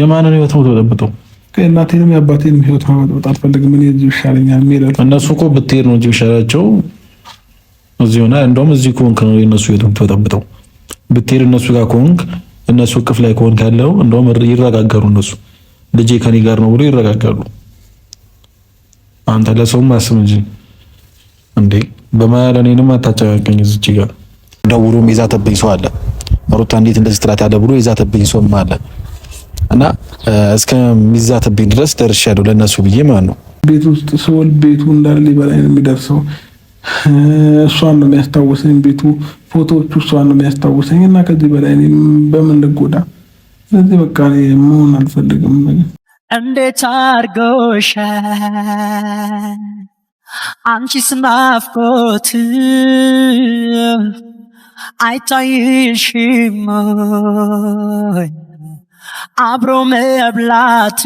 የማንን ህይወት ነው ተበጠበጠው? እናቴንም የአባቴንም ህይወት ማበጥበጥ አልፈልግም። እኔ እዚህ ይሻለኛል የሚሄዳል። እነሱ እኮ ብትሄድ ነው እዚህ ይሻላቸው። እዚህ ሆነ እንደውም እዚህ ከሆንክ ነው የእነሱ ህይወት የምትበጠብጠው። ብትሄድ እነሱ ጋር ከሆንክ እነሱ እቅፍ ላይ ከሆንክ ያለው እንደውም ይረጋጋሉ። እነሱ ልጄ ከኔ ጋር ነው ብሎ ይረጋጋሉ። አንተ ለሰውም አስብ እንጂ እንዴ! በመሀል እኔንም አታጨቃቀኝ። እዚች ጋር ደውሎም የዛተብኝ ሰው አለ። ሩታ እንዴት እንደዚህ ትላት ያለ ብሎ የዛተብኝ ሰውም አለ እና እስከሚዛትብኝ ድረስ ደርሻለሁ ለእነሱ ብዬ ማለት ነው። ቤት ውስጥ ስወል ቤቱ እንዳለ በላይ ነው የሚደርሰው። እሷን ነው የሚያስታውሰኝ ቤቱ፣ ፎቶዎቹ እሷን ነው የሚያስታውሰኝ። እና ከዚህ በላይ በምን ልጎዳ? ስለዚህ በቃ መሆን አልፈልግም። እንዴት አርጎሻል አንቺ ናፍቆት አይታይሽም? አብሮ መብላት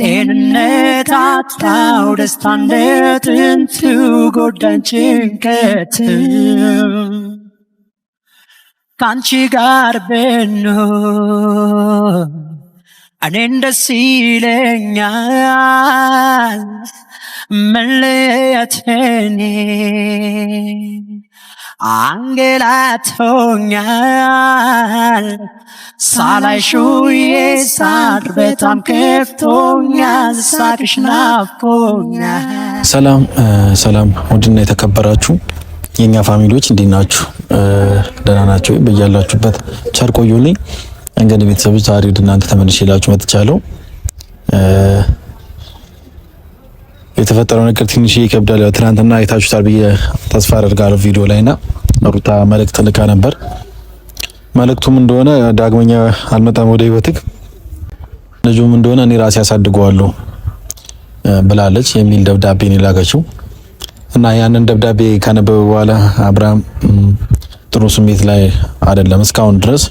ጤንነት አጣው ደስታ እንደጥንቱ ጎዳን ጭንቀት ከአንቺ ጋር ብኖር እኔን ደስ ይለኛል መለየት አንገላቶኛል ሳላይሽ ውዬ በጣም ከፍቶኛል ሳቅሽ ናፍቆኛል። ሰላም ሰላም፣ ውድና የተከበራችሁ የእኛ ፋሚሊዎች እንዴት ናችሁ? ደህና ናቸው። በያላችሁበት ቸር ቆዩልኝ። እንግዲህ ቤተሰቦች ዛሬ ወደ እናንተ ተመልሼላችሁ መጥቻለሁ። የተፈጠረው ነገር ትንሽ ይከብዳል። ትናንትና አይታችሁታል ብዬ ተስፋ አደርጋለሁ ቪዲዮ ላይና ሩታ መልእክት ልካ ነበር። መልእክቱም እንደሆነ ዳግመኛ አልመጣም ወደ ህይወትክ፣ ልጁም እንደሆነ እኔ ራሴ ያሳድገዋለሁ ብላለች የሚል ደብዳቤ ነው የላከችው እና ያንን ደብዳቤ ካነበበ በኋላ አብርሃም ጥሩ ስሜት ላይ አይደለም። እስካሁን ድረስ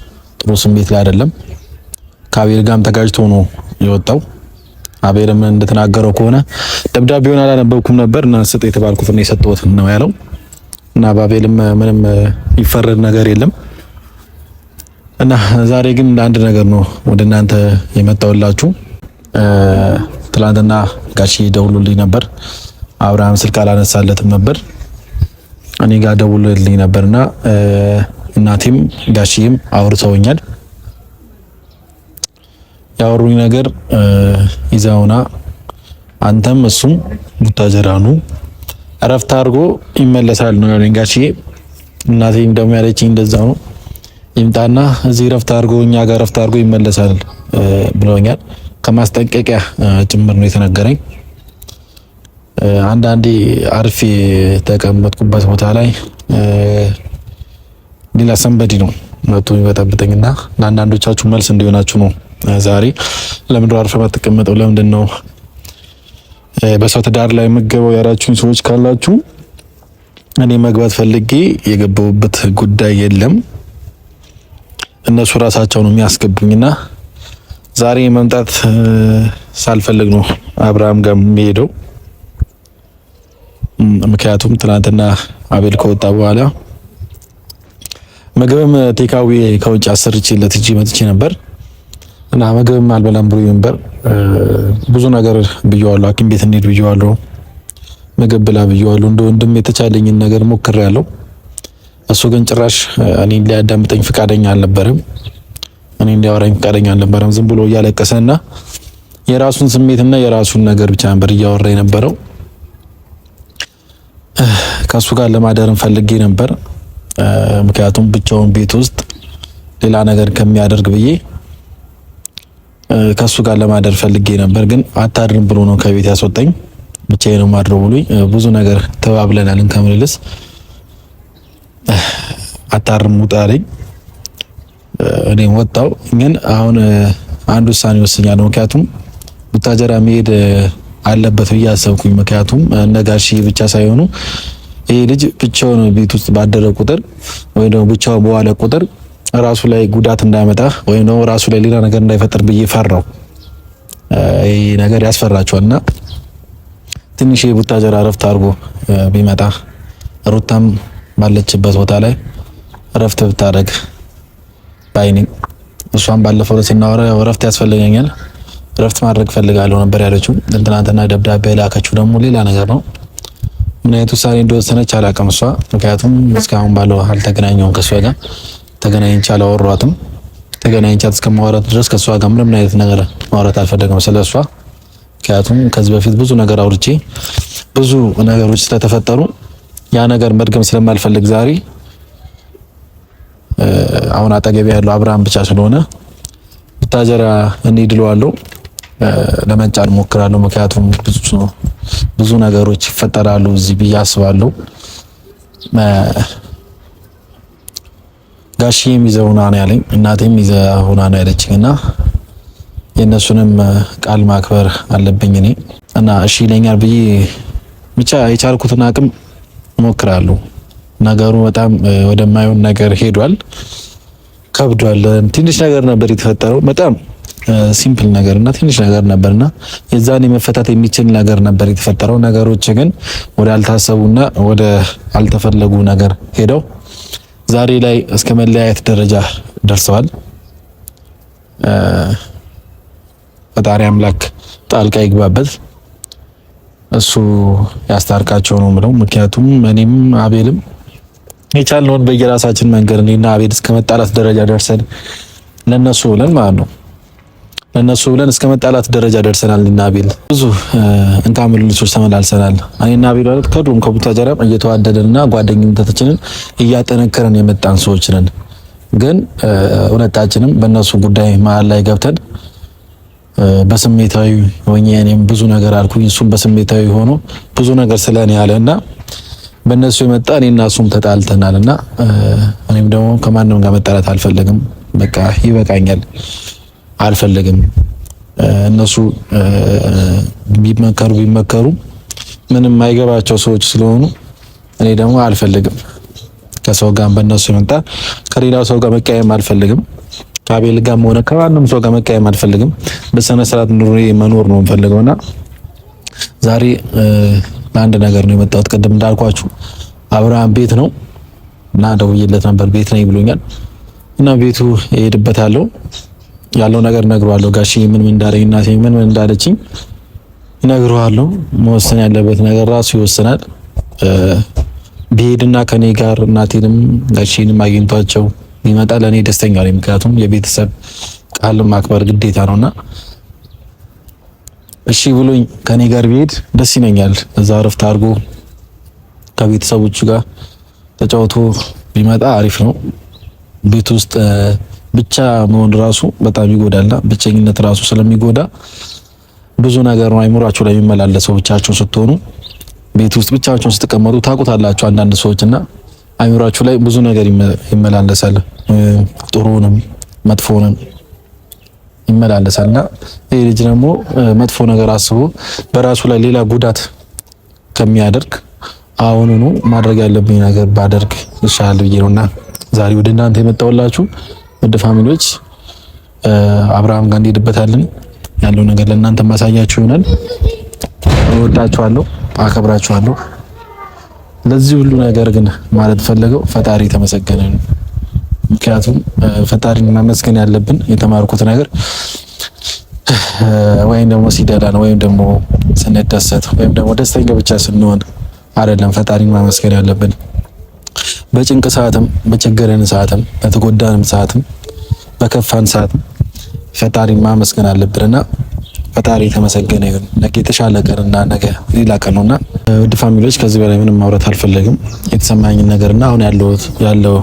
ጥሩ ስሜት ላይ አይደለም። ከአቤል ጋርም ተጋጅቶ ነው የወጣው። አቤልም እንደተናገረው ከሆነ ደብዳቤውን አላነበብኩም ነበር እና ስጥ የተባልኩት ነው የሰጠሁት ነው ያለው። እና በአቤልም ምንም ይፈረድ ነገር የለም። እና ዛሬ ግን አንድ ነገር ነው ወደ እናንተ የመጣሁላችሁ። ትላንትና ጋሼ ደውሎልኝ ነበር። አብርሃም ስልክ አላነሳለትም ነበር። እኔ ጋር ደውሎልኝ ነበርና እናቴም ጋሼም አውርተውኛል። ያወሩኝ ነገር ይዛውና አንተም እሱም ሙታጀራኑ ነው እረፍት አድርጎ ይመለሳል ነው ያለኝ ጋሽዬ። እናቴም ደግሞ ያለችኝ እንደዛ ነው፣ ይምጣና እዚህ እረፍት አድርጎ እኛ ጋር እረፍት አድርጎ ይመለሳል ብለውኛል። ከማስጠንቀቂያ ጭምር ነው የተነገረኝ። አንዳንዴ አርፌ ተቀመጥኩበት ቦታ ላይ ሌላ ሰንበዲ ነው መቶ የሚበጠብጠኝና ለአንዳንዶቻችሁ መልስ እንዲሆናችሁ ነው ዛሬ ለምንድነው አርፈህ የማትቀመጠው? ለምንድን ነው በሰው ትዳር ላይ የምገባው ያላችሁኝ ሰዎች ካላችሁ እኔ መግባት ፈልጌ የገባሁበት ጉዳይ የለም። እነሱ ራሳቸው ነው የሚያስገቡኝና ዛሬ መምጣት ሳልፈልግ ነው አብርሃም ጋር የሚሄደው። ምክንያቱም ትናንትና አቤል ከወጣ በኋላ ምግብም ቴካዊ ከውጭ አሰርቼለት እጅ መጥቼ ነበር እና ምግብም አልበላም ብሎ ነበር። ብዙ ነገር ብየዋለሁ፣ ሐኪም ቤት እንሂድ ብየዋለሁ፣ ምግብ ብላ ብየዋለሁ። እንደ ወንድም የተቻለኝን ነገር ሞክሬያለሁ። እሱ ግን ጭራሽ እኔን ሊያዳምጠኝ ፍቃደኛ አልነበረም። እኔን ሊያወራኝ ፍቃደኛ አልነበረም። ዝም ብሎ እያለቀሰና የራሱን ስሜትና የራሱን ነገር ብቻ ነበር እያወራ የነበረው። ከእሱ ጋር ለማደርን ፈልጌ ነበር፣ ምክንያቱም ብቻውን ቤት ውስጥ ሌላ ነገር ከሚያደርግ ብዬ ከሱ ጋር ለማደር ፈልጌ ነበር፣ ግን አታድርም ብሎ ነው ከቤት ያስወጣኝ። ብቻዬ ነው ማድረው ብሎኝ ብዙ ነገር ተባብለናል። እንከምልልስ አታድርም ውጣ አለኝ። እኔም ወጣው። ግን አሁን አንድ ውሳኔ ወስኛለሁ። ምክንያቱም ቡታጀራ መሄድ አለበት ብዬ አሰብኩኝ። ምክንያቱም ነጋሽ ብቻ ሳይሆኑ ይሄ ልጅ ብቻውን ቤት ውስጥ ባደረ ቁጥር ወይ ደግሞ ብቻው በዋለ ቁጥር ራሱ ላይ ጉዳት እንዳያመጣ ወይም ደግሞ ራሱ ላይ ሌላ ነገር እንዳይፈጠር ብዬ ፈራው። ይህ ነገር ያስፈራቸዋል እና ትንሽ የቡታጀራ እረፍት አድርጎ ቢመጣ ሩታም ባለችበት ቦታ ላይ እረፍት ብታደርግ ባይኒ። እሷም ባለፈው ላይ ስናወራ እረፍት ያስፈልገኛል እረፍት ማድረግ ፈልጋለሁ ነበር ያለችው። ትናንትና ደብዳቤ ላከችው ደግሞ ሌላ ነገር ነው። ምን አይነት ውሳኔ እንደወሰነች አላውቅም እሷ ምክንያቱም እስካሁን ባለው አልተገናኘውም ከሷ ጋር ተገናኝቻ አላወሯትም። ተገናኝቻት እስከማውራት ድረስ ከእሷ ጋር ምንም አይነት ነገር ማውራት አልፈለግም ስለ እሷ። ምክንያቱም ከዚህ በፊት ብዙ ነገር አውርቼ ብዙ ነገሮች ስለተፈጠሩ ያ ነገር መድገም ስለማልፈልግ ዛሬ አሁን አጠገብ ያለው አብርሃም ብቻ ስለሆነ ብታጀራ እኔ ድለዋለሁ ለመጫን ሞክራለሁ። ምክንያቱም ብዙ ነገሮች ይፈጠራሉ እዚህ ብዬ አስባለሁ። ጋሼም ይዘህ ሁና ነው ያለኝ፣ እናቴም ይዘህ ሁና ነው ያለችኝ እና የእነሱንም ቃል ማክበር አለብኝ እኔ እና እሺ ይለኛል ብዬ ብቻ የቻልኩትን አቅም እሞክራለሁ። ነገሩ በጣም ወደማይሆን ነገር ሄዷል፣ ከብዷል። ትንሽ ነገር ነበር የተፈጠረው በጣም ሲምፕል ነገር እና ትንሽ ነገር ነበርና የዛኔ መፈታት የሚችል ነገር ነበር የተፈጠረው። ነገሮች ግን ወደ አልታሰቡና ወደ አልተፈለጉ ነገር ሄደው ዛሬ ላይ እስከ መለያየት ደረጃ ደርሰዋል። ፈጣሪ አምላክ ጣልቃ ይግባበት፣ እሱ ያስታርቃቸው ነው ምለው። ምክንያቱም እኔም አቤልም የቻልነውን በየራሳችን መንገድ እኔና አቤል እስከ መጣላት ደረጃ ደርሰን ለነሱ ብለን ማለት ነው ለእነሱ ብለን እስከ መጣላት ደረጃ ደርሰናል። እኔና ብዙ እንታምሉ ልጆች ተመላልሰናል። እኔና አቤል ማለት ከዱም ከቡታጀራም እየተዋደደንና ጓደኝነታችንን እያጠነከረን የመጣን ሰዎች ነን። ግን ሁለታችንም በእነሱ ጉዳይ መሀል ላይ ገብተን በስሜታዊ ሆኜ እኔም ብዙ ነገር አልኩኝ፣ እሱም በስሜታዊ ሆኖ ብዙ ነገር ስለኔ ያለ እና በእነሱ የመጣ እኔና እሱም ተጣልተናል እና እኔም ደግሞ ከማንም ጋር መጣላት አልፈለግም። በቃ ይበቃኛል አልፈልግም እነሱ ቢመከሩ ቢመከሩ ምንም የማይገባቸው ሰዎች ስለሆኑ እኔ ደግሞ አልፈልግም። ከሰው ጋር በእነሱ ይመጣ ከሌላው ሰው ጋር መቀየም አልፈልግም። ከአቤል ጋር ሆነ ከማንም ሰው ጋር መቀየም አልፈልግም። በሰነ ስርዓት ኑሮ መኖር ነው የምፈልገውና ዛሬ ለአንድ ነገር ነው የመጣሁት። ቅድም እንዳልኳችሁ አብርሃም ቤት ነው እና ደውዬለት ነበር። ቤት ነኝ ብሎኛል እና ቤቱ እሄድበታለሁ። ያለው ነገር እነግረዋለሁ። ጋሺ ምን ምን እንዳለኝ እናቴ ምን ምን እንዳለችኝ እነግረዋለሁ። መወሰን ያለበት ነገር ራሱ ይወሰናል። ቢሄድና ከኔ ጋር እናቴንም ጋሺንም አግኝቷቸው ቢመጣ ለእኔ ደስተኛ ነኝ። ምክንያቱም የቤተሰብ ቃል ማክበር ግዴታ ነውና እሺ ብሎኝ ከኔ ጋር ቢሄድ ደስ ይለኛል። እዛ እረፍት አድርጎ ከቤተሰቦቹ ጋር ተጫውቶ ቢመጣ አሪፍ ነው። ቤት ውስጥ ብቻ መሆን ራሱ በጣም ይጎዳልና ብቸኝነት ራሱ ስለሚጎዳ ብዙ ነገር ነው አይምሯችሁ ላይ የሚመላለሰው። ብቻችሁን ስትሆኑ ቤት ውስጥ ብቻችሁን ስትቀመጡ ታውቁታላችሁ አንዳንድ ሰዎችና አይምሯችሁ ላይ ብዙ ነገር ይመላለሳል። ጥሩንም መጥፎንም ይመላለሳልና ይህ ልጅ ደግሞ መጥፎ ነገር አስቦ በራሱ ላይ ሌላ ጉዳት ከሚያደርግ አሁኑኑ ማድረግ ያለብኝ ነገር ባደርግ ይሻላል ብዬ ነውና ዛሬ ወደ እናንተ የመጣሁላችሁ። ውድ ፋሚሊዎች አብርሃም ጋር እንሄድበታለን። ያለው ነገር ለእናንተ ማሳያችሁ ይሆናል። እወዳችኋለሁ፣ አከብራችኋለሁ። ለዚህ ሁሉ ነገር ግን ማለት ፈለገው ፈጣሪ ተመሰገነ። ነው። ምክንያቱም ፈጣሪን ማመስገን ያለብን የተማርኩት ነገር ወይም ደግሞ ሲደላን ወይም ደግሞ ስንደሰት ወይም ደግሞ ደስተኛ ብቻ ስንሆን አይደለም ፈጣሪን ማመስገን ያለብን። በጭንቅ ሰዓትም በቸገረን ሰዓትም በተጎዳንም ሰዓትም በከፋን ሰዓት ፈጣሪ ማመስገን አለብንና ፈጣሪ የተመሰገነ ይሁን። ነገ የተሻለ ቀንና ነገ ሌላ ቀን ነውና ውድ ፋሚሊዎች ከዚህ በላይ ምንም ማውራት አልፈለግም። የተሰማኝን ነገርና አሁን ያለሁት ያለው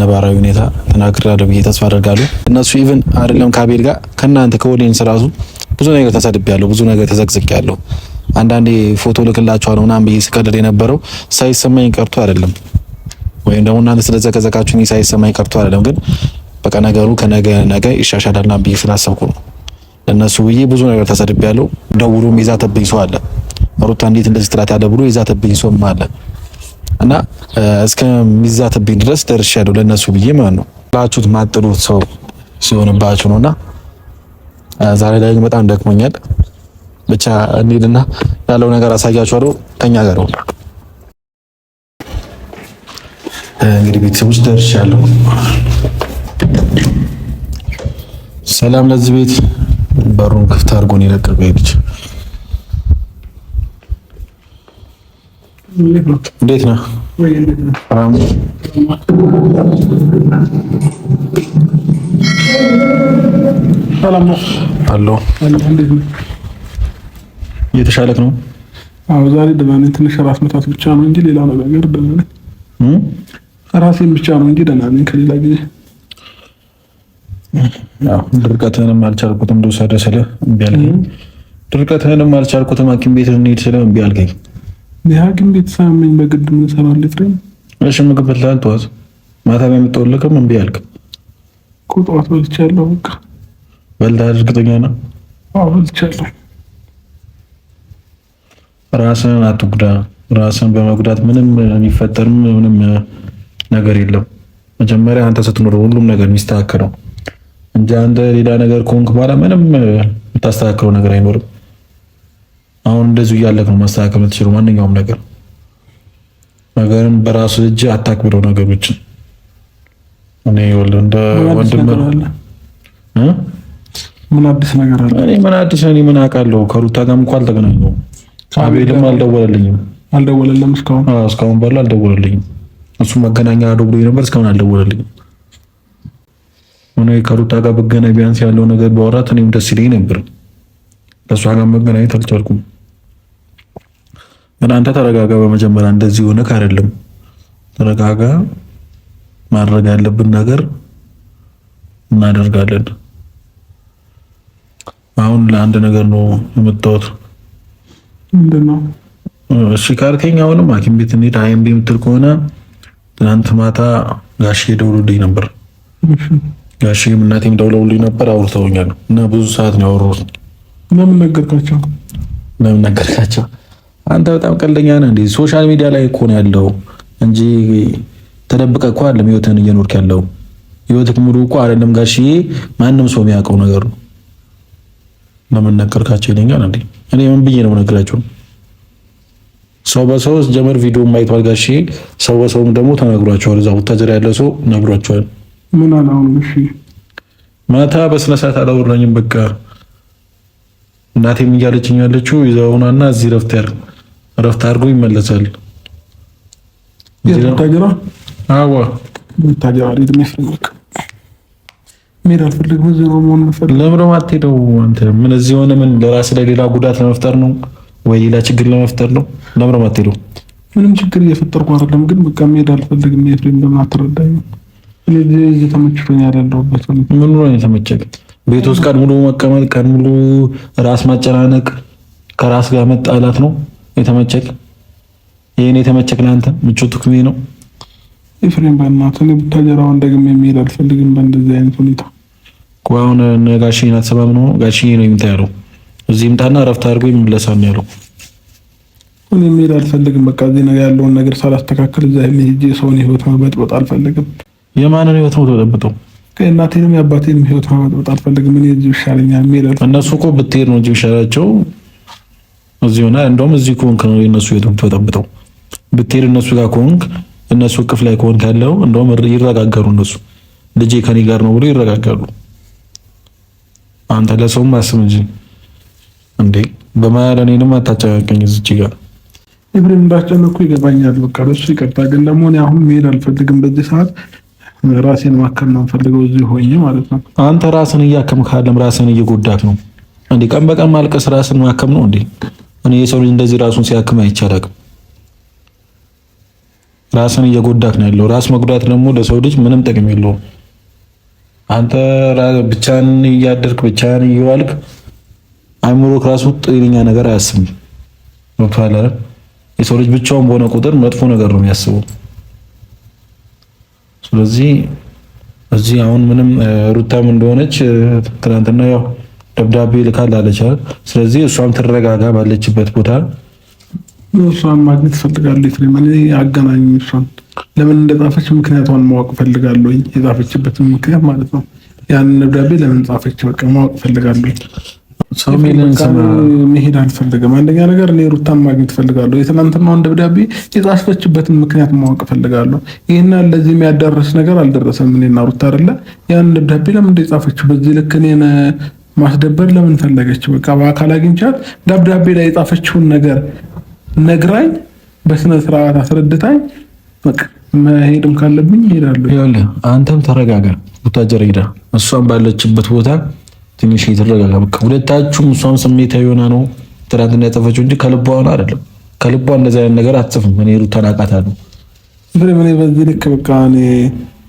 ነባራዊ ሁኔታ ተናግሬያለሁ ብዬ ተስፋ አደርጋለሁ። እነሱ ኢቭን አይደለም ከአቤል ጋር ከእናንተ ከወዲንስ ራሱ ብዙ ነገር ተሰድቤያለሁ፣ ብዙ ነገር ተዘቅዝቄያለሁ። አንዳንዴ ፎቶ ልክላችኋለሁ ምናምን ብዬ ስቀልድ የነበረው ሳይሰማኝ ቀርቶ አይደለም ወይም ደግሞ እናንተ ስለዘቀዘቃችሁ ሳይሰማኝ ቀርቶ አይደለም ግን በቃ ነገሩ ከነገ ነገ ይሻሻላልና ብዬ ስላሰብኩ ነው። ለእነሱ ብዬ ብዙ ነገር ተሰድብ ያለው ደውሎም የዛተብኝ ሰው አለ። ሩታ እንዴት እንደዚህ ትላት ያለ ብሎ ይዛተብኝ ሰው አለ እና እስከሚዛትብኝ ድረስ ደርሻለሁ ለእነሱ ብዬ ማለት ነው። ላችሁት ማጥሉት ሰው ሲሆንባችሁ ነውና ዛሬ ላይ በጣም ደክሞኛል። ብቻ እንሂድና ያለው ነገር አሳያችኋለሁ። ከኛ ጋር እንግዲህ ቤተሰቦች ደርሻለሁ። ሰላም ለዚህ ቤት በሩን ክፍት አድርጎን ይለቅቅ ሄድች። እንዴት ነው አለሁ። እየተሻለክ ነው? አዎ ዛሬ ደህና ነኝ። ትንሽ ራስ መታት ብቻ ነው እንጂ ሌላ ነገር ደህና ነኝ። ራሴን ብቻ ነው እንጂ ደህና ነኝ ከሌላ ጊዜ ድርቀትህንም አልቻልኩትም ልውሰደ ስለ እምቢ አልከኝ። ድርቀትህንም አልቻልኩትም ሐኪም ቤት እንሂድ ስለ እምቢ አልከኝ። የሐኪም ቤት ሳምኝ በግድ ምን ሰራለት? እሺ ምግብ ብልሃል ጠዋት፣ ማታ ላይ የምትወልቅም እምቢ አልክ እኮ። ጠዋት በልቻለሁ። በቃ በልተሃል? እርግጠኛ ነው? አዎ በልቻለሁ። ራስህን አትጉዳ። ራስህን በመጉዳት ምንም የሚፈጠርም ምንም ነገር የለም። መጀመሪያ አንተ ስትኖር ሁሉም ነገር የሚስተካከለው እንጂ አንተ ሌላ ነገር ከሆንክ በኋላ ምንም የምታስተካክለው ነገር አይኖርም። አሁን እንደዚሁ እያለቅ ነው ማስተካከል የምትችለው ማንኛውም ነገር ነገርን በራሱ እጅ አታክብረው ነገሮችን እኔ ወለ እንደ ወንድም ምን አዲስ ነገር አለ? እኔ ምን አዲስ እኔ ምን አውቃለሁ? ከሩታ ጋር እንኳን አልተገናኘሁም። አቤልም አልደወለልኝም አልደወለልም እስካሁን እስካሁን ባለው አልደወለልኝም። እሱ መገናኛ ብሎ ነበር እስካሁን አልደወለልኝም። ሆነ ከሩታ ጋር ብገናኝ ቢያንስ ያለው ነገር በወራት እኔም ደስ ይለኝ ነበር። ከእሷ ጋር መገናኘት አልቻልኩም። ግን አንተ ተረጋጋ። በመጀመሪያ እንደዚህ ሆነህ አይደለም። ተረጋጋ። ማድረግ ያለብን ነገር እናደርጋለን። አሁን ለአንድ ነገር ነው የመጣሁት። እሺ ካልከኝ አሁንም ሐኪም ቤት እንሂድ የምትል ከሆነ ትናንት ማታ ጋሼ ደውሎልኝ ነበር ጋሽዬም እናቴም ደውለውልኝ ነበር አውርተውኛል። እና ብዙ ሰዓት ነው ያወሩት። ለምን ነገርካቸው? ለምን ነገርካቸው? አንተ በጣም ቀልደኛ ነህ። እንዴ? ሶሻል ሚዲያ ላይ እኮ ነው ያለው እንጂ ተደብቀህ እኮ አይደለም ህይወትህን እየኖርክ ያለው። ህይወትህ ሙሉ እኮ አይደለም ጋሽዬ፣ ማንም ሰው የሚያውቀው ነገር ነው። ለምን ነገርካቸው ይለኛል። እንዴ? እኔ ምን ብዬ ነው ነገራቸው? ሰው በሰው ጀመር ቪዲዮ ማይቷል ጋሽዬ፣ ሰው በሰውም ደግሞ ተነግሯቸዋል። እዛ ቦታ ያለ ሰው ነግሯቸዋል። ምን አላውም? እሺ፣ ማታ በስነሳት አላወራኝም። በቃ እናቴም እያለችኝ ያለችው ይዘውናና እዚህ ረፍት ያር ረፍት አድርጎ ይመለሳል። የታጀራ አዋ የታጀራ ሪትም ይፈልግ ምን አልፈልግ በዚህ ነው መሆን ፈልግ። ለምን አትሄደው አንተ? ምን እዚህ ሆነ? ምን ለራስ ለሌላ ጉዳት ለመፍጠር ነው ወይ ሌላ ችግር ለመፍጠር ነው? ለምን አትሄደው? ምንም ችግር እየፈጠርኩ አይደለም፣ ግን በቃ መሄድ አልፈልግም። ኤፍሬም ለምን አትረዳኝም? ተመችቶኝ ያደለሁበት ምን ነው የተመቸኝ? ቤት ውስጥ ቀን ሙሉ መቀመጥ፣ ቀን ሙሉ ራስ ማጨናነቅ፣ ከራስ ጋር መጣላት ነው የተመቸኝ። ይሄን የተመቸክ ለአንተ ምቾቱ ክሜ ነው። ኤፍሬም በእናትህ እኔ ቡታጀራውን ደግሜ የሚሄድ አልፈልግም። በእንደዚህ አይነት ሁኔታ አሁን ጋሽዬን አትሰማ። ምን ጋሽዬ ነው ይምጣ ያለው። እዚህ ይምጣና እረፍት አድርጎ ይመለሳል ነው ያለው። እኔ የሚሄድ አልፈልግም። በቃ እዚህ ያለውን ነገር ሳላስተካከል እዛ ሄጄ ሰውን ህይወት መበጥበጥ አልፈልግም። የማንን ህይወት ነው ተጠብጠው? እናቴንም የአባቴንም ህይወት ማመጣት አልፈልግም። እኔ እዚህ ይሻለኛል። እነሱ እኮ ብትሄድ ነው እንጂ ይሻላቸው። እዚህ ሆነ እንደውም እዚህ ከሆንክ ነው የእነሱ ህይወት የምትበጠብጠው። ብትሄድ እነሱ ጋር ከሆንክ እነሱ እቅፍ ላይ ከሆንክ ያለው እንደውም ይረጋጋሉ። እነሱ ልጄ ከኔ ጋር ነው ብሎ ይረጋጋሉ። አንተ ለሰውም አስብ እንጂ እንዴ! በመሀል እኔንም አታጨቃቀኝ። እዚች ጋር ኤፍሬም እንዳስጨነኩ ይገባኛል። በቃ ለሱ ይቀርታ፣ ግን ደግሞ እኔ አሁን መሄድ አልፈልግም በዚህ ሰዓት ራሴን ማከም ነው የምፈልገው እዚህ ሆኜ ማለት ነው። አንተ ራስን እያከምክ አይደለም፣ ራስን እየጎዳክ ነው እንዴ። ቀን በቀን ማልቀስ ራስን ማከም ነው እንዴ? እኔ የሰው ልጅ እንደዚህ ራሱን ሲያክም አይቻላቅም። ራስን እየጎዳክ ነው ያለው። ራስ መጉዳት ደግሞ ለሰው ልጅ ምንም ጥቅም የለውም። አንተ ብቻን እያደርክ ብቻን እየዋልክ አይምሮክ ራሱ ጤነኛ ነገር አያስብም። ቶታል የሰው ልጅ ብቻውን በሆነ ቁጥር መጥፎ ነገር ነው የሚያስበው። ስለዚህ እዚህ አሁን ምንም ሩታም እንደሆነች ትናንትና ያው ደብዳቤ ልካል ልካላለች። ስለዚህ እሷም ትረጋጋ ባለችበት ቦታ እሷን ማግኘት እፈልጋለሁ። ኤፍሬም አገናኝ እሷን ለምን እንደጻፈች ምክንያቷን ማወቅ እፈልጋለሁ። የጻፈችበትን ምክንያት ማለት ነው። ያንን ደብዳቤ ለምን ጻፈች በቃ ማወቅ እፈልጋለሁ። መሄድ አልፈለገም። አንደኛ ነገር እኔ ሩታን ማግኘት እፈልጋለሁ የትናንትናውን ደብዳቤ የጻፈችበትን ምክንያት ማወቅ እፈልጋለሁ ይህና ለዚህ የሚያዳረስ ነገር አልደረሰም። እኔና ሩታ አይደለ ያን ደብዳቤ ለምን የጻፈችው በዚህ ልክ እኔን ማስደበር ለምን ፈለገች? በቃ በአካል አግኝቻት ደብዳቤ ላይ የጻፈችውን ነገር ነግራኝ፣ በስነ ስርዓት አስረድታኝ፣ መሄድም ካለብኝ ይሄዳሉ። አንተም ተረጋጋ፣ ቡታጀር ሄዳ እሷም ባለችበት ቦታ ትንሽ የተረጋጋ በቃ ሁለታችሁም እሷም ስሜታዊ የሆነ ነው። ትናንትና ያጠፈችው እንጂ ከልቧ ሆነ አይደለም። ከልቧ እንደዚህ አይነት ነገር አትጽፍም። እኔ ሩታን አውቃታለሁ። ምን በዚህ ልክ በቃ እኔ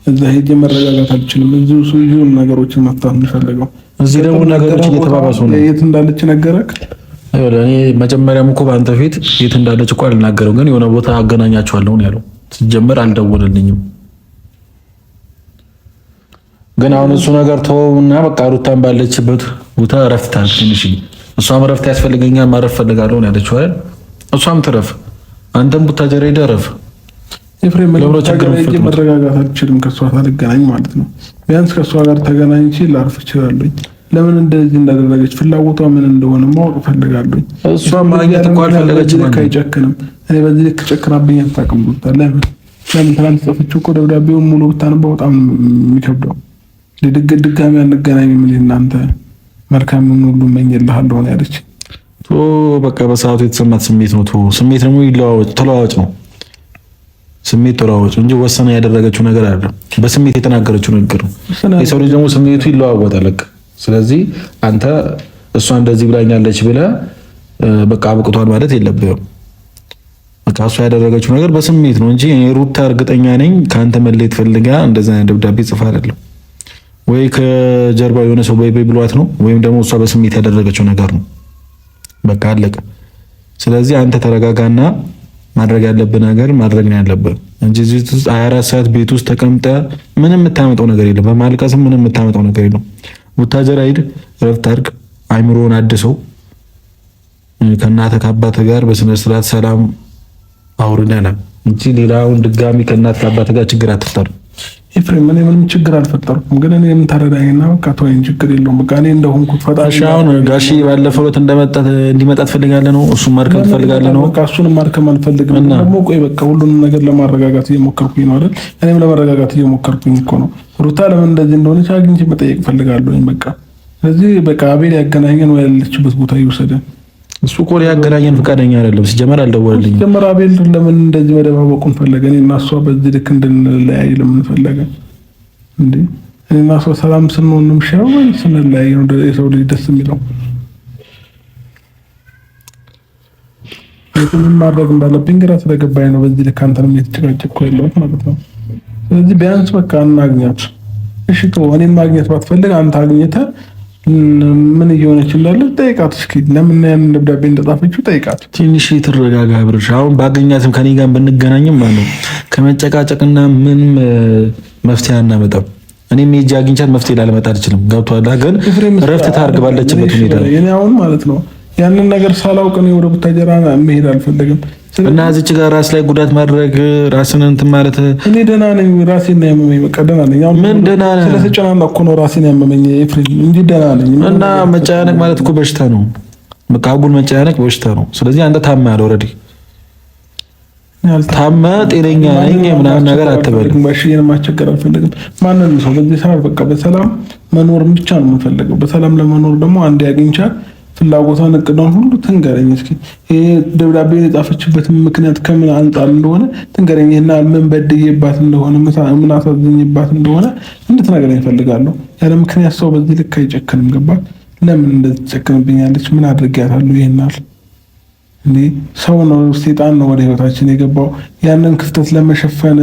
እዛ ሄጄ መረጋጋት አልችልም። እዚሁ ሱዩን ነገሮችን መፍታት የሚፈልገው እዚህ ደግሞ ነገሮች እየተባባሱ ነው። የት እንዳለች ነገረክ? እኔ መጀመሪያም እኮ በአንተ ፊት የት እንዳለች እኮ አልናገረው፣ ግን የሆነ ቦታ አገናኛቸዋለሁ ያለው ስጀመር አልደወለልኝም ግን አሁን እሱ ነገር ተወውና በቃ ሩታን ባለችበት ቦታ እረፍት ትንሽ እሷም እረፍት ያስፈልገኛል ማረፍ ፈልጋለሁ ነው ያለችው አይደል? እሷም ትረፍ፣ አንተም ቡታጀራ ሄደህ እረፍ። ኤፍሬም መረጋጋት አልችልም፣ ከእሷ ሳልገናኝ ማለት ነው። ቢያንስ ከእሷ ጋር ተገናኝቼ ላርፍ እችላለሁኝ። ለምን እንደዚህ እንዳደረገች ፍላጎቷ ምን እንደሆነ ማወቅ እፈልጋለሁኝ። እሷ ማግኘት እኮ አልፈለገችም። አይጨክንም። እኔ በዚህ ልክ ጨክናብኝ አታውቅም። ለምን ለምን ትናንት ጽፈችው እኮ ደብዳቤውን ሙሉ ብታነበው በጣም የሚከብደው ድጋሚ አንገናኝ ምን እናንተ መልካም ምን ሁሉ እመኝልሃለሁ ነው ያለች። ቶ በቃ በሰዓቱ የተሰማት ስሜት ነው። ቶ ስሜት ደግሞ ይለዋወጥ ተለዋወጭ ነው። ስሜት ተለዋወጭ እንጂ ወሰነ ያደረገችው ነገር አይደለም። በስሜት የተናገረችው ነገር ነው። የሰው ልጅ ደግሞ ስሜቱ ይለዋወጣል። ስለዚህ አንተ እሷ እንደዚህ ብላኛለች ብለህ በቃ አብቅቷል ማለት የለብህም። በቃ እሷ ያደረገችው ነገር በስሜት ነው እንጂ ሩታ እርግጠኛ ነኝ ከአንተ መለየት ፈልጋ እንደዛ ደብዳቤ ጽፋ አይደለም። ወይ ከጀርባ የሆነ ሰው በይ ብሏት ነው፣ ወይም ደግሞ እሷ በስሜት ያደረገችው ነገር ነው። በቃ አለቀ። ስለዚህ አንተ ተረጋጋና ማድረግ ያለብህ ነገር ማድረግ ነው ያለብህ እንጂ እዚህ ውስጥ 24 ሰዓት ቤት ውስጥ ተቀምጠ ምንም የምታመጣው ነገር የለም። በማልቀስም ምንም የምታመጣው ነገር የለም። ቡታጀራ ሂድ፣ ረፍት አድርግ፣ አይምሮን አድሰው፣ ከእናተ ከአባትህ ጋር በስነ ስርዓት ሰላም አውርደናል እንጂ ሌላውን ድጋሚ ከእናትህ ከአባትህ ጋር ችግር አትፍጠር። ኤፍሬም እኔ ምንም ችግር አልፈጠርኩም፣ ግን እኔ ምን ተረዳኝና በቃ ተወኝ፣ ችግር የለውም በቃ እኔ እንደሆንኩት ፈጣሽ። አሁን ጋሺ ባለፈውት እንደመጣ እንዲመጣ ትፈልጋለህ ነው? እሱን ማርከም ትፈልጋለህ ነው? በቃ እሱን ማርከም አልፈልግም። ደግሞ ቆይ በቃ ሁሉንም ነገር ለማረጋጋት እየሞከርኩኝ ነው አይደል? እኔም ለማረጋጋት እየሞከርኩኝ እኮ ነው። ሩታ ለምን እንደዚህ እንደሆነች አግኝቼ መጠየቅ እፈልጋለሁ። በቃ ስለዚህ በቃ አቤል ያገናኘን ወይ ያለችበት ቦታ ይወሰደን እሱ እኮ ሊያገናኘን ፍቃደኛ አይደለም። ሲጀመር አልደወለልኝም። ሲጀመር አቤል ለምን እንደዚህ መደባበቁን ፈለገ? እኔ እና እሷ በዚህ ልክ እንድንለያይ ለምን ፈለገ? እንዴ እኔ እና እሷ ሰላም ስንሆን ነው የሚሻለው ወይ ስንለያይ ነው የሰው ልጅ ደስ የሚለው? ምን ማድረግ እንዳለብኝ ግራ ስለገባኝ ነው በዚህ ልክ አንተንም የተጨቃጨቅኩ ያለሁት ማለት ነው። ስለዚህ ቢያንስ በቃ እናግኛት። እሺ እኔን ማግኘት ባትፈልግ አንተ አግኝተህ ምን እየሆነች እንዳለ ጠይቃት። እስኪ ለምን ያንን ደብዳቤ እንደጻፈችው ጠይቃት። ትንሽ ትረጋጋ ብርሽ። አሁን ባገኛትም ከኔ ጋር ብንገናኝም ማለት ከመጨቃጨቅና ምን መፍትሄ አናመጣም። እኔ ሄጄ አግኝቻት መፍትሄ ላለመጣ አልችልም። ገብቶሃል? ግን ረፍት ታርግ ባለችበት ሁኔታ አሁን ማለት ነው። ያንን ነገር ሳላውቅ እኔ ወደ ቡታጀራ መሄድ አልፈልግም። እና እዚች ጋር ራስ ላይ ጉዳት ማድረግ ራስን እንትን ማለት እኔ ደህና ነኝ። ራሴን ነው ያመመኝ። በቃ ደህና ነኝ። ምን ደህና ነኝ? ስለተጨናነቅኩ ነው ራሴን ያመመኝ። ኤፍሬም እንዲህ ደህና ነኝ። እና መጨናነቅ ማለት እኮ በሽታ ነው። በቃ አጉል መጨናነቅ በሽታ ነው። ስለዚህ አንተ ታማ ያለ ኦልሬዲ ታማ ጤነኛ ነኝ ምናምን ነገር አትበል። ባሽዬን ማስቸገር አልፈልግም ማንንም ሰው። በዚህ ሰዓት በቃ በሰላም መኖር ብቻ ነው የምፈልገው። በሰላም ለመኖር ደግሞ አንድ ያገኝቻል ፍላጎቷን እቅዷን ሁሉ ትንገረኝ። እስኪ ይሄ ደብዳቤ የጻፈችበት ምክንያት ከምን አንጻር እንደሆነ ትንገረኝ እና ምን በድዬባት እንደሆነ ምን አሳዝኝባት እንደሆነ እንድትነግረኝ እፈልጋለሁ። ያለ ምክንያት ሰው በዚህ ልክ አይጨክንም። ገባ? ለምን እንደዚህ ምን አድርጊያታሉ? ይህናል እንዴ ሰው ነው ሴጣን ነው ወደ ህይወታችን የገባው። ያንን ክፍተት ለመሸፈን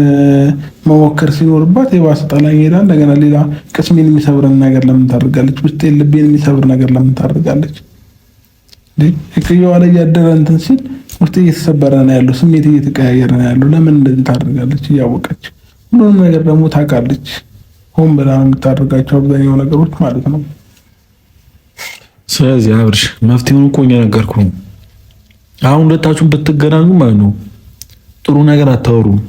መሞከር ሲኖርባት የባሰ ጣላኝ ሄዳ እንደገና ሌላ ቅስሜን የሚሰብርን ነገር ለምን ታደርጋለች? ውስጤን ልቤን የሚሰብር ነገር ለምን ታደርጋለች? እቅየዋ ላይ ያደረ እንትን ሲል ውስጥ እየተሰበረ ነው ያለው፣ ስሜት እየተቀያየረ ነው ያለው። ለምን እንደዚህ ታደርጋለች? እያወቀች ሁሉንም ነገር ደግሞ ታውቃለች። ሆን ብላ ነው የምታደርጋቸው አብዛኛው ነገሮች ማለት ነው። ስለዚህ አብርሽ መፍትሄውን እኮ እኛ ነገርኩህ። አሁን ሁለታችሁን ብትገናኙ ማለት ነው ጥሩ ነገር አታወሩም።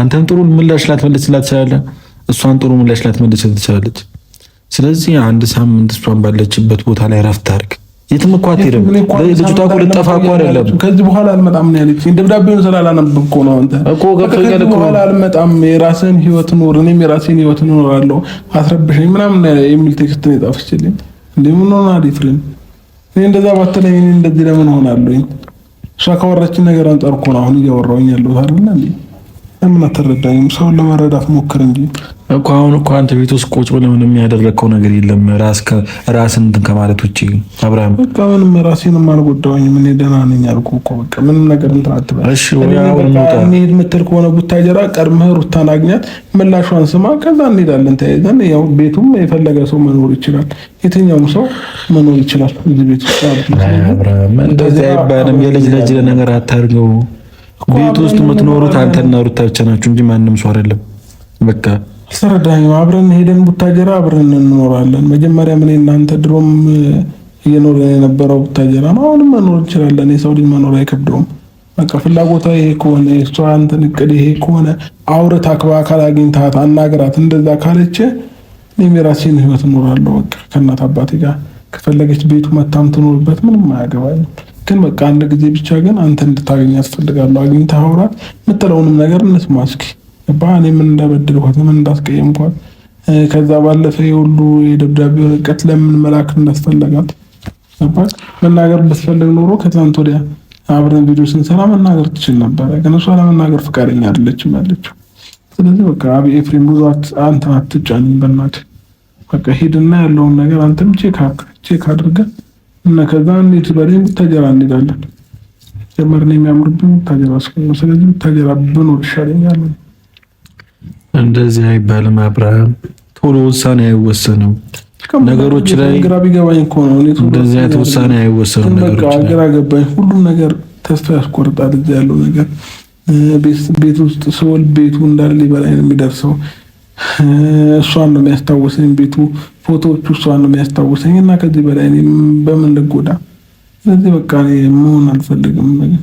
አንተም ጥሩ ምላሽ ላትመልስላት ትችላለህ፣ እሷን ጥሩ ምላሽ ላትመልስላት ትችላለች። ስለዚህ አንድ ሳምንት እሷን ባለችበት ቦታ ላይ ረፍት አድርግ። የትም እኮ አትሄድም። ልጅቷ እኮ ልጠፋ እኮ አይደለም። ከዚህ በኋላ አልመጣም ነው ያለች። ደብዳቤውን ስላላነበብ እኮ ነው አንተ እኮ ከዚህ በኋላ አልመጣም፣ የራስህን ህይወት ኑር፣ እኔም የራሴን ህይወት እኖራለሁ፣ አስረብሽኝ ምናምን የሚል ቴክስት ነው የጻፈችልኝ። እንደ ምን ሆናል ኤፍሬም? እኔ እንደዛ ባትለኝ እኔ እንደዚህ ለምን ሆናለሁኝ? እሷ ካወራችን ነገር አንጻር እኮ ነው አሁን እያወራሁኝ ያለሁት አይደል እንዴ ለምን አትረዳኝም? ሰውን ለመረዳት ሞክር እንጂ እኮ አሁን እኮ አንተ ቤት ውስጥ ቁጭ ብለህ ምንም ያደረግከው ነገር የለም ራስ ከራስ እንትን ከማለት ውጭ አብርሃም፣ በቃ ምንም ራሴንም አልጎዳሁኝም። እኔ ደህና ነኝ አልኩህ እኮ በቃ ምንም ነገር እንትን አትበል። እሺ እንሂድ የምትል ከሆነ ቡታጀራ ቀድመህ ሩታን አግኛት፣ ምላሿን ስማ፣ ከዛ እንሄዳለን ተያይዘን። ያው ቤቱም የፈለገ ሰው መኖር ይችላል፣ የትኛውም ሰው መኖር ይችላል እዚህ ቤት ውስጥ። አብርሃም፣ እንደዚህ አይባልም። የልጅ ልጅ ለነገር አታርገው ቤት ውስጥ የምትኖሩት አንተና ሩታ ብቻ ናችሁ እንጂ ማንም ሰው አይደለም። በቃ አስረዳኝ። አብረን ሄደን ቡታጀራ አብረን እንኖራለን። መጀመሪያ ምን እናንተ ድሮም እየኖርን የነበረው ቡታጀራ ነው። አሁንም መኖር እንችላለን። የሰው ልጅ መኖር አይከብደውም። በቃ ፍላጎቷ ይሄ ከሆነ እሷ አንተን እቅድ ይሄ ከሆነ አውረት አክባ አካል አግኝታት አናገራት። እንደዛ ካለች እኔም የራሴን ህይወት እኖራለሁ። በቃ ከእናት አባቴ ጋር ከፈለገች ቤቱ መታም ትኖርበት ምንም አያገባኝም። ግን በቃ አንድ ጊዜ ብቻ ግን አንተ እንድታገኝ ያስፈልጋሉ። አግኝተህ አውራት፣ የምትለውንም ነገር እንስማ እስኪ። እኔ ምን እንዳበደልኳት ምን እንዳስቀየምኳት፣ ከዛ ባለፈ የሁሉ የደብዳቤ ወረቀት ለምን መላክ እንዳስፈለጋት መናገር ብትፈልግ ኖሮ ከዛንት ወዲያ አብረን ቪዲዮ ስንሰራ መናገር ትችል ነበረ። ግን እሷ ለመናገር ፈቃደኛ አይደለችም ያለችው። ስለዚህ በቃ አብ ኤፍሬም ብዙ አንተን አትጫኝም፣ በእናትህ በቃ ሂድና ያለውን ነገር አንተም ቼክ አድርገን እና ከዛ እንዴት በላይ ተጀራ እንሄዳለን። ጀመርን ነው የሚያምርብኝ ሙታጀራ ስለሆነ ስለዚህ ሙታጀራ ብኖር ይሻለኛል። እንደዚህ አይባልም አብርሃም። ቶሎ ውሳኔ አይወሰንም ነገሮች ላይ ግራ ቢገባኝ እኮ ነው እንደዚህ አይነት ውሳኔ አይወሰንም ነገሮች ላይ ግራ ገባኝ። ሁሉም ነገር ተስፋ ያስቆርጣል። እዚህ ያለው ነገር ቤት ውስጥ ስወል ቤቱ እንዳለ ይበላኝ ነው የሚደርሰው። እሷን ነው የሚያስታወሰኝ ቤቱ ፎቶዎቹ እሷን ነው የሚያስታውሰኝ እና ከዚህ በላይ በምን ልጎዳ? ስለዚህ በቃ መሆን አልፈልግም ነገር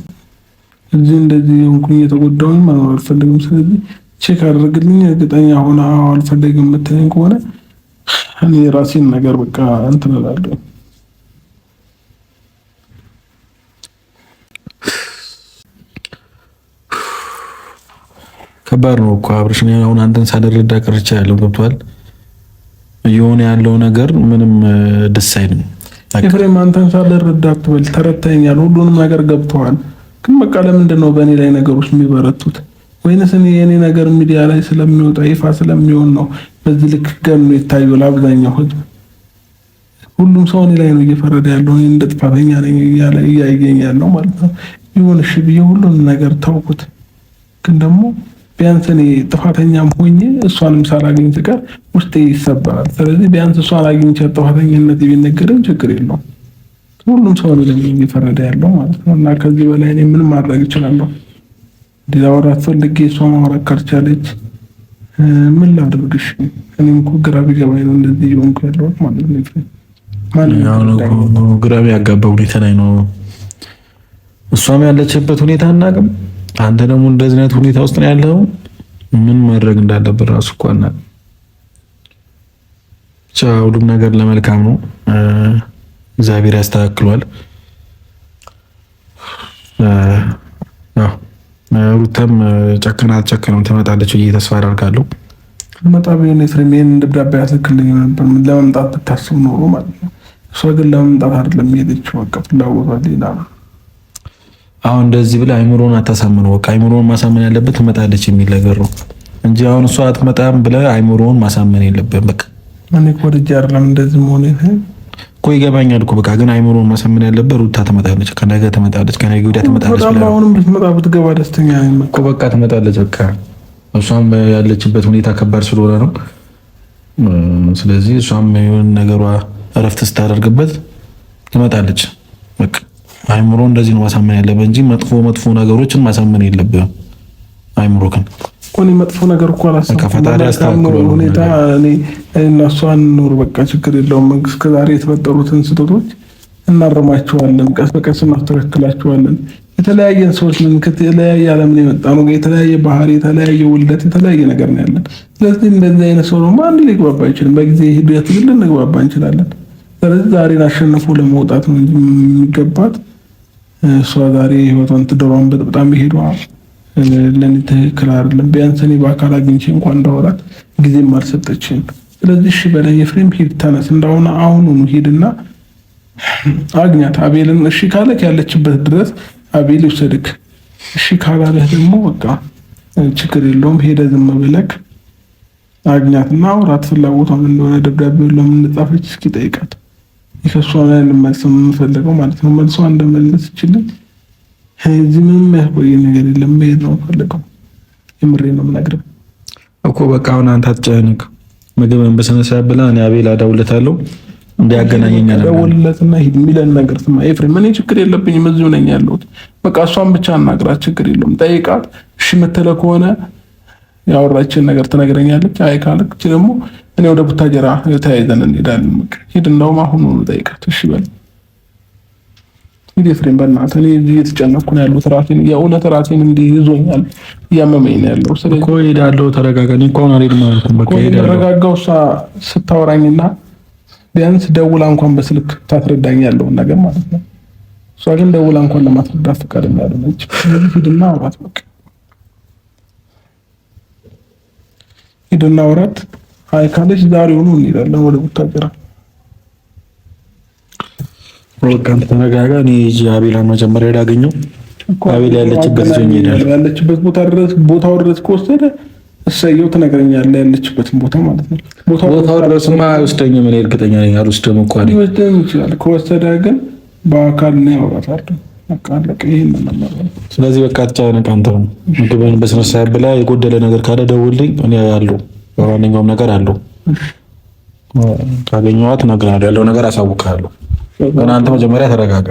እዚህ እንደዚህ የሆንኩኝ የተጎዳውኝ መኖር አልፈልግም። ስለዚህ ቼክ አድርግልኝ እርግጠኛ ሆነ አልፈልግም የምትለኝ ከሆነ እኔ የራሴን ነገር በቃ እንትን እላለሁ። ከባድ ነው እኮ አብርሽ። አሁን አንተን ሳልረዳ ቀርቻ ያለው ገብቷል። እየሆነ ያለው ነገር ምንም ደስ አይልም። ኤፍሬም አንተን ሳልረዳ አትበል። ተረድተኛል፣ ሁሉንም ነገር ገብተዋል። ግን በቃ ለምንድን ነው በእኔ ላይ ነገሮች የሚበረቱት? ወይንስ እኔ የእኔ ነገር ሚዲያ ላይ ስለሚወጣ ይፋ ስለሚሆን ነው በዚህ ልክ ገኑ የታየው ለአብዛኛው ህዝብ። ሁሉም ሰው እኔ ላይ ነው እየፈረደ ያለው እኔ እንደ ጥፋተኛ ነኝ እያለ እያየኝ ያለው ማለት ነው። ይሁን እሺ ብዬ ሁሉንም ነገር ተውኩት፣ ግን ደግሞ ቢያንስ እኔ ጥፋተኛም ሆኜ እሷንም ሳላገኝ ስቀር ውስጤ ይሰበራል። ስለዚህ ቢያንስ እሷን አግኝቻት ጥፋተኝነት ቢነገረኝ ችግር የለውም። ሁሉም ሰው ነው እየፈረደ ያለው ማለት ነው። እና ከዚህ በላይ እኔ ምን ማድረግ እችላለሁ? ዲዛወራት ፈልጌ እሷ ማውራት ካልቻለች ምን ላድርግሽ? እኔም እኮ ግራ ቢገባኝ ነው እንደዚህ እየሆንኩ ያለሁት ማለት ነው። ግራ ያጋባ ሁኔታ ላይ ነው እሷም ያለችበት ሁኔታ አናውቅም። አንተ ደግሞ እንደዚህ አይነት ሁኔታ ውስጥ ነው ያለው። ምን ማድረግ እንዳለብን ራሱ እኮ አናውቅም። ብቻ ሁሉም ነገር ለመልካም ነው፣ እግዚአብሔር ያስተካክሏል። ሩተም ጨክና አትጨክንም ትመጣለች ብዬ ተስፋ አደርጋለሁ። ልመጣ ቢሆን ኤፍሬም ይህን ደብዳቤ ያስልክልኝ ነበር ለመምጣት ብታስብ ኖሮ ማለት ነው። እሷ ግን ለመምጣት አይደለም የሄደችው፣ በቃ ፍላጎቷ ሌላ ነው። አሁን እንደዚህ ብለህ አይምሮን አታሳምነው። በቃ አይምሮን ማሳመን ያለበት ትመጣለች የሚል ነገር ነው እንጂ አሁን እሷ አትመጣም ብለህ አይምሮን ማሳመን የለብህም። በቃ እኔ እኮ አይደለም እንደዚህ መሆን እኮ ይገባኛል እኮ በቃ ግን አይምሮን ማሳመን ያለበት ሩታ ትመጣለች፣ ከነገ ትመጣለች፣ ከነገ ወዲያ ትመጣለች። አሁንም ብትመጣ ብትገባ ደስተኛ እኮ በቃ ትመጣለች። በቃ እሷም ያለችበት ሁኔታ ከባድ ስለሆነ ነው። ስለዚህ እሷም የሆነ ነገሯ እረፍት ስታደርግበት ትመጣለች በቃ አይምሮ እንደዚህ ነው ማሳመን ያለብህ እንጂ መጥፎ መጥፎ ነገሮችን ማሳመን የለብህም። አይምሮ ግን እኔ መጥፎ ነገር እኮ አላሰብኩም። ሁኔታ እና እሷን ኑር በቃ ችግር የለውም። እስከ ዛሬ የተፈጠሩትን ስህተቶች እናርማቸዋለን፣ ቀስ በቀስ እናስተካክላቸዋለን። የተለያየን ሰዎች ምን ከተለያየ ዓለም ላይ የመጣ ነው። የተለያየ ባህሪ፣ የተለያየ ውልደት፣ የተለያየ ነገር ነው ያለን። ስለዚህ እንደዚህ አይነት ሰው ደግሞ አንድ ሊግባባ አይችልም። በጊዜ ሂደት ግን ልንግባባ እንችላለን። ስለዚህ ዛሬን አሸንፎ ለመውጣት ነው የሚገባት እሷ ዛሬ ህይወቷን ትዳሯን በጣም ይሄዷ ለኔ ትክክል አይደለም። ቢያንስ እኔ በአካል አግኝቼ እንኳን እንዳወራት ጊዜም አልሰጠችም። ስለዚህ እሺ በላይ ኤፍሬም ሂድ፣ ተነስ፣ እንዳሁን አሁኑኑ ሂድና አግኛት አቤልን። እሺ ካለክ ያለችበት ድረስ አቤል ይውሰድክ። እሺ ካላለህ ደግሞ በቃ ችግር የለውም ሄደ ዝም ብለክ አግኛትና አውራት፣ ፍላጎቷ ምን እንደሆነ ደብዳቤውን ለምን ጻፈች እስኪ ጠይቃት። የከሷ ላይ መልስ የምንፈልገው ማለት ነው። መልሶ እንደመለስ ይችልን ከዚህ ምንም ያስቆይ ነገር የለም። መሄድ ነው ፈልገው። የምሬ ነው የምነግርህ እኮ በቃ አሁን አንተ አትጨነቅ። ምግብን በስነ ስርዓት ብላ እኔ አቤል አደውልታለሁ እንዲያገናኘኝ ደውልለትና ሂድ የሚለን ነገር ስማ ኤፍሬም። እኔ ችግር የለብኝም እዚሁ ነኝ ያለሁት። በቃ እሷን ብቻ እናግራት፣ ችግር የለውም። ጠይቃት። እሺ የምትለው ከሆነ ያወራችን ነገር ትነግረኛለች። አይ ካለች ደግሞ እኔ ወደ ቡታጀራ ተያይዘን እንሄዳለን። ሂድ፣ እንደውም አሁን ነው ጠይቃት። እሺ በል ሂድ ፍሬም፣ በእናትህ እኔ እዚህ እየተጨነኩ ነው ያለሁት። ራሴን የእውነት ራሴን እንዲህ ይዞኛል፣ እያመመኝ ነው ያለው። ስለዚህ እኮ እሄዳለሁ፣ ተረጋጋ። እኔ እኮ አሁን አልሄድም አልኩህ። በቃ እሄዳለሁ። ተረጋጋው። እሷ ስታወራኝና ቢያንስ ደውላ እንኳን በስልክ ታስረዳኝ ያለውን ነገር ማለት ነው። እሷ ግን ደውላ እንኳን ለማስረዳት ፈቃደኛ አይደለች። ሂድና አውራት፣ በቃ ሂድና አውራት አይ ካለች ዛሬ ሆኖ እንሄዳለን ወደ ቡታጀራ። በቃ አንተ ተረጋጋ። እኔ እዚህ አቤላን መጀመሪያ ሄዳገኘው አቤላ ያለችበት ዞን ይሄዳል። ያለችበት ቦታ ድረስ ቦታው ድረስ ከወሰደ እሰየው፣ ትነግረኛለህ ያለችበትን ቦታ ማለት ነው። ቦታው ድረስማ አይወስደኝም እኔ እርግጠኛ ነኝ። አልወስደም እኮ አይደል? ይወስደኝ ይችላል። ከወሰደ ግን በአካል ነው ያወራታል። ስለዚህ በቃ ብቻ ነቃንተ ምግብን በስነሳ ብላ የጎደለ ነገር ካለ ደውልኝ እኔ ያለው በማንኛውም ነገር አለው ካገኘኋት እነግርሃለሁ። ያለው ነገር አሳውቅሃለሁ። እናንተ መጀመሪያ ተረጋጋ።